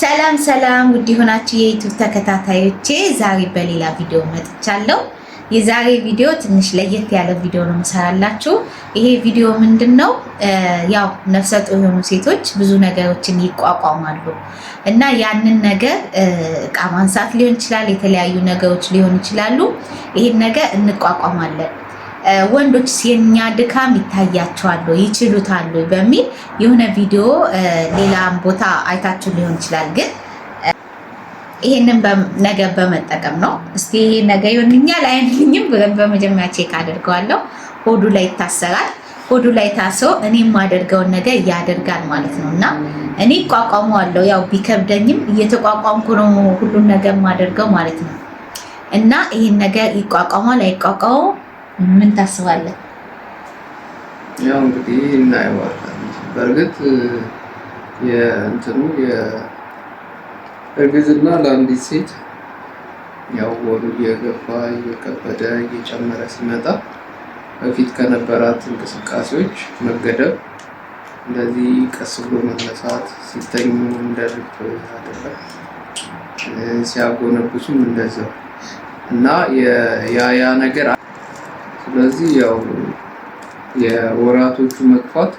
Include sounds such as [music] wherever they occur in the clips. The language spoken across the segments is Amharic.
ሰላም ሰላም፣ ውድ የሆናችሁ የዩቱብ ተከታታዮቼ ዛሬ በሌላ ቪዲዮ መጥቻለሁ። የዛሬ ቪዲዮ ትንሽ ለየት ያለ ቪዲዮ ነው የምሰራላችሁ። ይሄ ቪዲዮ ምንድን ነው? ያው ነፍሰ ጡር የሆኑ ሴቶች ብዙ ነገሮችን ይቋቋማሉ እና ያንን ነገር እቃ ማንሳት ሊሆን ይችላል፣ የተለያዩ ነገሮች ሊሆን ይችላሉ። ይሄን ነገር እንቋቋማለን ወንዶች የኛ ድካም ይታያቸዋል ይችሉታሉ በሚል የሆነ ቪዲዮ ሌላም ቦታ አይታችሁ ሊሆን ይችላል። ግን ይሄንን ነገ በመጠቀም ነው። እስቲ ይሄ ነገ ይሆንኛል አይሆንልኝም በመጀመሪያ ቼክ አድርገዋለሁ። ሆዱ ላይ ይታሰራል። ሆዱ ላይ ታሶ እኔ የማደርገውን ነገር ያደርጋል ማለት ነው። እና እኔ እቋቋመዋለሁ። ያው ቢከብደኝም እየተቋቋምኩ ነው ሁሉን ነገር የማደርገው ማለት ነው። እና ይህን ነገር ይቋቋሟል አይቋቋመው ምን ታስባለህ? ያው እንግዲህ እናየዋለን። በእርግጥ የእንትኑ የእርግዝና ለአንዲት ሴት ያው ወሉ እየገፋ እየከበደ እየጨመረ ሲመጣ በፊት ከነበራት እንቅስቃሴዎች መገደብ፣ እንደዚህ ቀስ ብሎ መነሳት፣ ሲተኙ እንደ ልብ አይደለም፣ ሲያጎነብሱም እንደዛው እና ያ ያ ነገር ስለዚህ ያው የወራቶቹ መግፋት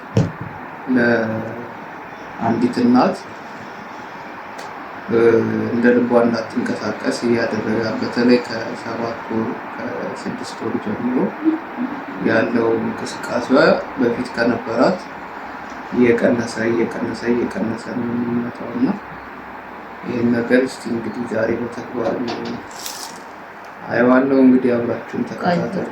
ለአንዲት እናት እንደ ልቧ እንዳትንቀሳቀስ እያደረገ በተለይ ከሰባት ወር ከስድስት ወር ጀምሮ ያለው እንቅስቃሴ በፊት ከነበራት እየቀነሰ እየቀነሰ እየቀነሰ ነው የሚመጣው እና ይህን ነገር እስቲ እንግዲህ ዛሬ በተግባር አይዋለው። እንግዲህ አብራችሁን ተከታተሉ።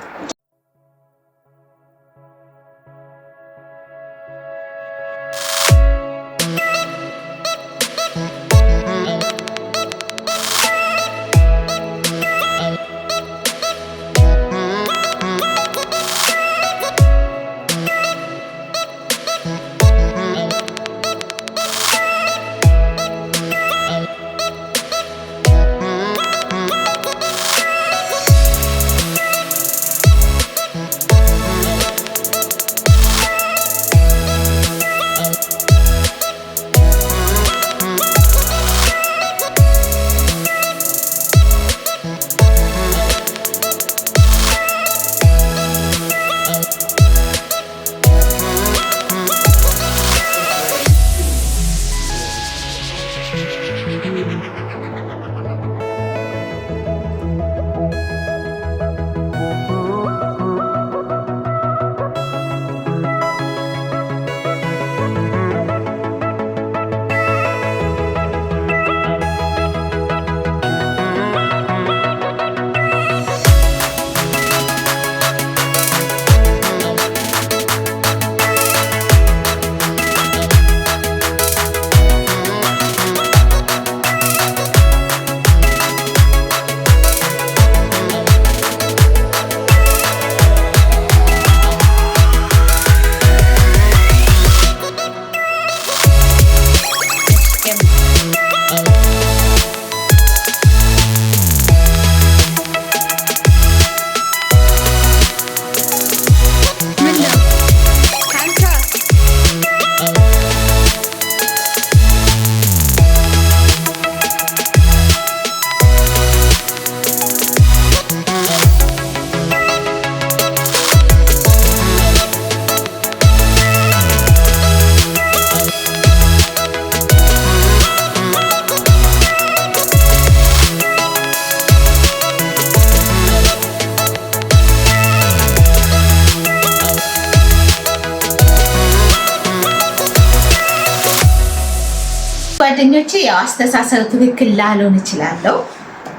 ጓደኞቼ ያው አስተሳሰብ ትክክል ላልሆን እችላለሁ፣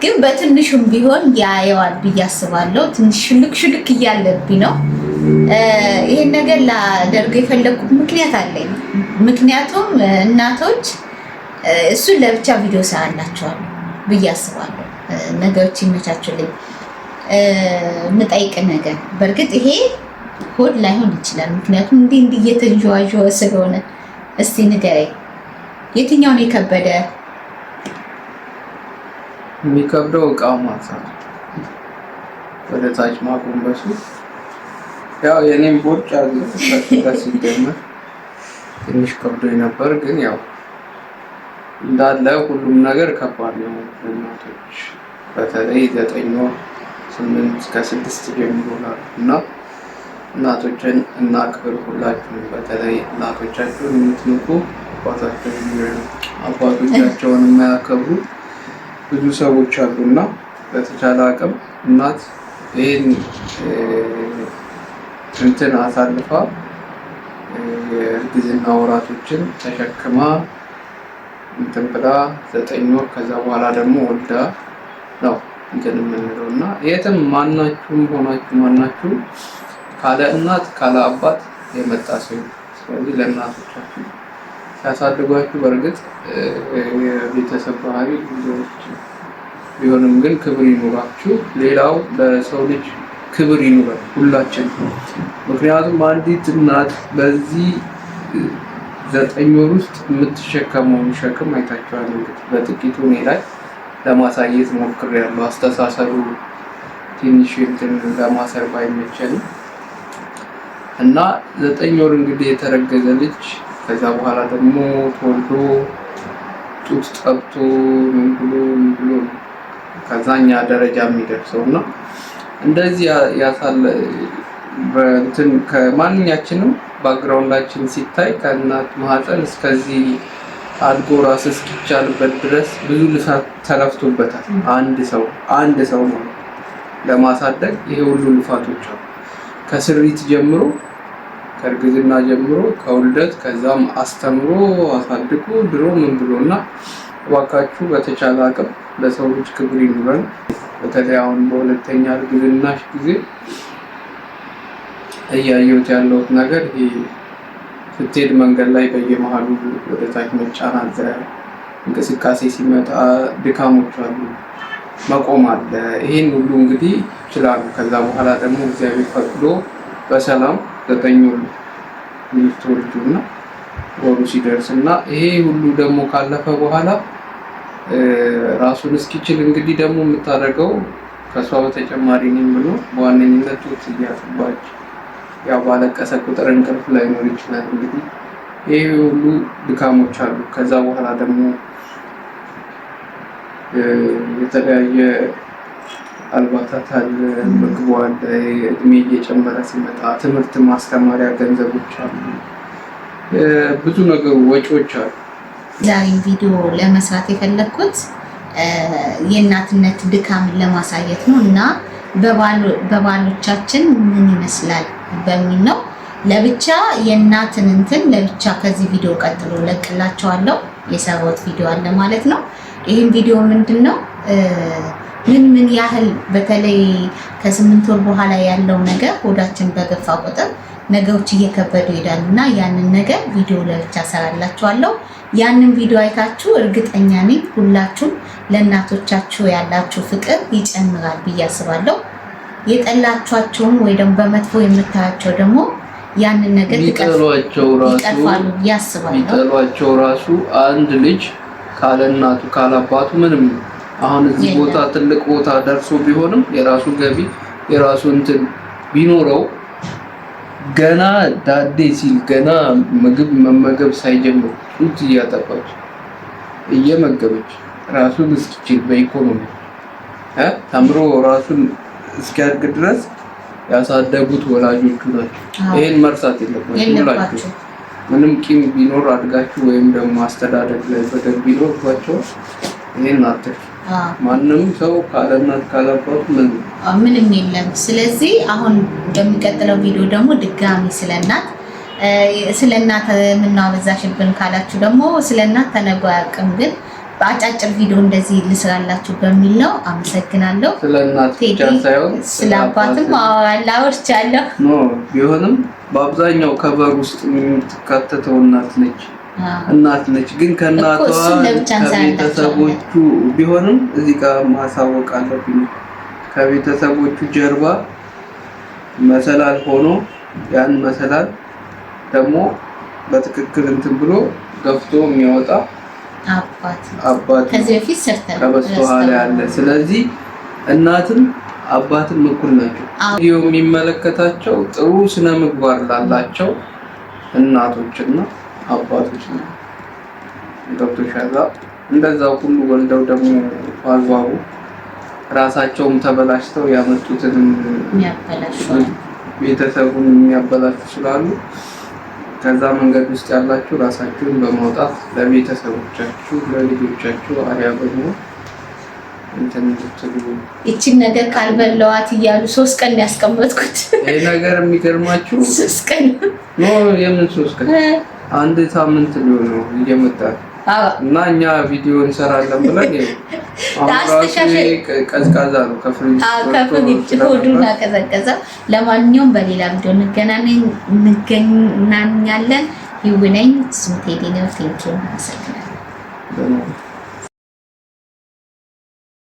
ግን በትንሹም ቢሆን ያየዋል ብዬ አስባለሁ። ትንሽ ሽልክ ሽልክ እያለብኝ ነው። ይሄን ነገር ላደርገው የፈለግኩት ምክንያት አለኝ። ምክንያቱም እናቶች እሱን ለብቻ ቪዲዮ ሰራላችኋል ብዬ አስባለሁ። ነገሮች ይመቻችሁልኝ። ምጠይቅ ነገር በእርግጥ ይሄ ሆድ ላይሆን ይችላል፣ ምክንያቱም እንዲህ እንዲህ እየተንዠዋዠወ ስለሆነ እስቲ ንገረኝ። የትኛውን የከበደ የሚከብደው እቃ ማንሳት ወደ ታች ማጎንበሱ ያው የኔም ቦርጭ አለ ሲጀመር ትንሽ ከብዶ ነበር፣ ግን ያው እንዳለ ሁሉም ነገር ከባድ ነው። እናቶች በተለይ ዘጠኝ ወር ስምንት ከስድስት ጀምሮ እና እናቶችን እና ክብር ሁላችሁም በተለይ እናቶቻችሁን የምትንቁ አባታቸውን አባቶቻቸውን የማያከብሩ ብዙ ሰዎች አሉና በተቻለ አቅም እናት ይህን እንትን አሳልፋ የእርግዝና ወራቶችን ተሸክማ እንትን ብላ ዘጠኝ ወር ከዛ በኋላ ደግሞ ወልዳ ነው እንትን የምንለው እና የትም ማናችሁም ሆናችሁ ማናችሁ ካለ እናት ካለ አባት የመጣ ሰው። ስለዚህ ለእናቶቻችሁ ሲያሳድጓችሁ፣ በእርግጥ የቤተሰብ ባህሪ ቢሆንም ግን ክብር ይኑራችሁ። ሌላው ለሰው ልጅ ክብር ይኑራል ሁላችን። ምክንያቱም አንዲት እናት በዚህ ዘጠኝ ወር ውስጥ የምትሸከመውን ሸክም አይታችኋል። እንግዲህ በጥቂቱ እኔ ላይ ለማሳየት ሞክሬያለሁ። አስተሳሰሩ ትንሽ እንትን ለማሰር ባይመቸንም እና ዘጠኝ ወር እንግዲህ የተረገዘ ልጅ ከዛ በኋላ ደግሞ ተወልዶ ጡት ጠብቶ ምን ብሎ ምን ብሎ ከዛኛ ደረጃ የሚደርሰው እና እንደዚህ ያሳለ በእንትን ከማንኛችንም ባክግራውንዳችን ሲታይ ከእናት ማህፀን እስከዚህ አድጎ ራስ እስኪቻልበት ድረስ ብዙ ልፋት ተለፍቶበታል። አንድ ሰው አንድ ሰው ነው ለማሳደግ ይሄ ሁሉ ልፋቶች አሉ ከስሪት ጀምሮ ከእርግዝና ጀምሮ ከውልደት ከዛም አስተምሮ አሳድጎ ድሮ ምን ብሎ ና እባካችሁ በተቻለ አቅም ለሰው ልጅ ክብር ይኑረን። በተለይ አሁን በሁለተኛ እርግዝናሽ ጊዜ እያየሁት ያለሁት ነገር ይሄ ስትሄድ መንገድ ላይ በየመሀሉ ወደታች መጫን አለ፣ እንቅስቃሴ ሲመጣ ድካሞች አሉ፣ መቆም አለ። ይህን ሁሉ እንግዲህ ይችላሉ። ከዛ በኋላ ደግሞ እግዚአብሔር ፈቅዶ በሰላም ዘጠኝ ወር ልትወልዱ እና ወሩ ሲደርስ እና ይሄ ሁሉ ደግሞ ካለፈ በኋላ ራሱን እስኪችል እንግዲህ ደግሞ የምታደርገው ከእሷ በተጨማሪ እኔም ብሎ በዋነኝነት ጡት እያጠባች ያው ባለቀሰ ቁጥር እንቅልፍ ላይኖር ይችላል። እንግዲህ ይህ ሁሉ ድካሞች አሉ። ከዛ በኋላ ደግሞ የተለያየ አልባታት አለ፣ ምግቡ አለ። እድሜ እየጨመረ ሲመጣ ትምህርት ማስተማሪያ ገንዘቦች አሉ፣ ብዙ ነገሩ ወጪዎች አሉ። ዛሬ ቪዲዮ ለመስራት የፈለግኩት የእናትነት ድካምን ለማሳየት ነው እና በባሎቻችን ምን ይመስላል በሚል ነው። ለብቻ የእናትን እንትን ለብቻ ከዚህ ቪዲዮ ቀጥሎ ለቅላቸዋለሁ። የሰራሁት ቪዲዮ አለ ማለት ነው። ይህም ቪዲዮ ምንድን ነው ምን ምን ያህል በተለይ ከስምንት ወር በኋላ ያለው ነገር ሆዳችን በገፋ ቁጥር ነገሮች እየከበዱ ይሄዳሉ እና ያንን ነገር ቪዲዮ ለብቻ ሰራላችኋለሁ። ያንን ቪዲዮ አይታችሁ እርግጠኛ ነኝ ሁላችሁም ለእናቶቻችሁ ያላችሁ ፍቅር ይጨምራል ብዬ አስባለሁ። የጠላችኋቸውን ወይ ደግሞ በመጥፎ የምታያቸው ደግሞ ያንን ነገር ይቀርፋሉ ብዬ አስባለሁ። ራሱ አንድ ልጅ ካለ እናቱ ካለ አባቱ ምንም አሁን እዚህ ቦታ ትልቅ ቦታ ደርሶ ቢሆንም የራሱ ገቢ የራሱ እንትን ቢኖረው ገና ዳዴ ሲል ገና ምግብ መመገብ ሳይጀምር ጡት እያጠባች እየመገበች ራሱን እስኪችል በኢኮኖሚ ተምሮ ራሱን እስኪያድግ ድረስ ያሳደጉት ወላጆቹ ናቸው። ይህን መርሳት የለባቸው። ምንም ቂም ቢኖር አድጋችሁ ወይም ደግሞ አስተዳደግ ላይ በደንብ ቢኖርባቸው ይህን አትርፍ ማንም ሰው ካለ እናት ካለ አባት ምንም የለም። ስለዚህ አሁን በሚቀጥለው ቪዲዮ ደግሞ ድጋሚ ስለ እናት ስለ እናት የምናበዛሽብን ካላችሁ ደግሞ ስለ እናት ተነግሮ አያውቅም፣ ግን በአጫጭር ቪዲዮ እንደዚህ ልስራላችሁ በሚል ነው። አመሰግናለሁ። ስለ እናት ብቻ ሳይሆን ስለ አባትም ቢሆንም በአብዛኛው ከበር ውስጥ የምትካተተው እናት ነች። እናት ነች። ግን ከእናቷ ከቤተሰቦቹ ቢሆንም እዚህ ጋር ማሳወቅ አለብኝ። ከቤተሰቦቹ ጀርባ መሰላል ሆኖ ያን መሰላል ደግሞ በትክክል እንትን ብሎ ገፍቶ የሚያወጣ አባት ከበስተኋላ ያለ። ስለዚህ እናትም አባትም እኩል ናቸው። የሚመለከታቸው ጥሩ ስነ ምግባር ላላቸው እናቶችና አባቶች ነው። ገብቶሻል። እንደዛ ሁሉ ወልደው ደግሞ ባልባቡ ራሳቸውም ተበላሽተው ያመጡትን ቤተሰቡን የሚያበላሹ ስላሉ ከዛ መንገድ ውስጥ ያላችሁ ራሳችሁን በማውጣት ለቤተሰቦቻችሁ ለልጆቻችሁ አሪያ በመሆን ይችን ነገር ካልበለዋት እያሉ ሶስት ቀን ያስቀመጥኩት ይህ ነገር የሚገርማችሁ ሶስት ቀን የምን ሶስት ቀን አንድ ሳምንት ሊሆን ነው እየመጣ እና እኛ ቪዲዮ እንሰራለን ብለን [laughs] ቀዝቃዛ ነው ከፍሪጅ ሆዱን ቀዘቀዘ። ለማንኛውም በሌላ ቪዲዮ እንገናኛለን። ይውነኝ ስሙቴዲኒው ቴንኪ አመሰግናለሁ።